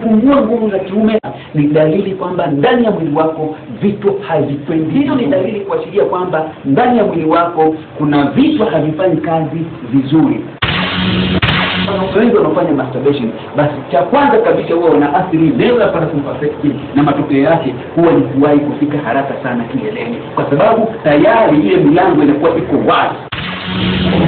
kupungua nguvu za kiume ni dalili kwamba ndani ya mwili wako vitu havikwendi hizo ni dalili kuashiria kwamba ndani ya mwili wako kuna vitu havifanyi kazi vizuri wengi wanaofanya masturbation basi cha kwanza kabisa huwa wana leo ya parasympathetic na matokeo yake huwa ni kuwahi kufika haraka sana kileleni kwa sababu tayari ile milango inakuwa iko wazi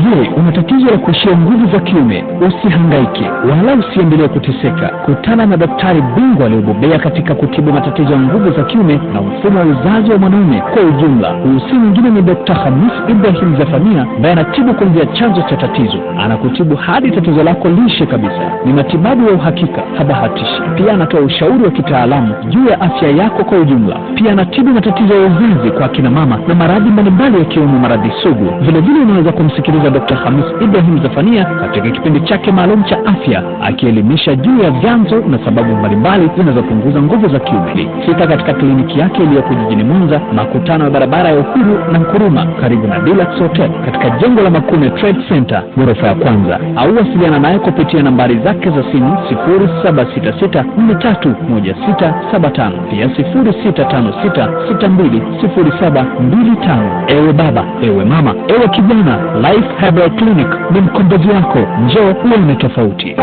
je unatakiwa Matatizo ya kuishia nguvu za kiume, usihangaike wala usiendelee kuteseka. Kutana na daktari bingwa aliyobobea katika kutibu matatizo ya nguvu za kiume na mfumo wa uzazi wa mwanaume kwa ujumla. Usi mwingine ni Dr. Hamis Ibrahim Zefania ambaye anatibu kuanzia chanzo cha tatizo, anakutibu hadi tatizo lako lishe kabisa. Ni matibabu ya uhakika, habahatishi. Pia anatoa ushauri wa kitaalamu juu ya afya yako kwa ujumla. Pia anatibu matatizo ya uzazi kwa akina mama na maradhi mbalimbali yakiwemo maradhi sugu. Vilevile unaweza kumsikiliza Dr. Hamis Ibrahim Zafania katika kipindi chake maalum cha afya akielimisha juu ya vyanzo na sababu mbalimbali zinazopunguza nguvu za kiume. Fika katika kliniki yake iliyoko jijini Mwanza, makutano ya barabara ya Uhuru na Nkuruma karibu na Deluxe Hotel katika jengo la Makune Trade Center ghorofa ya kwanza, au wasiliana naye kupitia nambari zake za simu 0766431675 pia 0656620725. Ewe baba, ewe mama, ewe kijana, Life Herbal Clinic ni mkombozi wako. Njoo uone tofauti.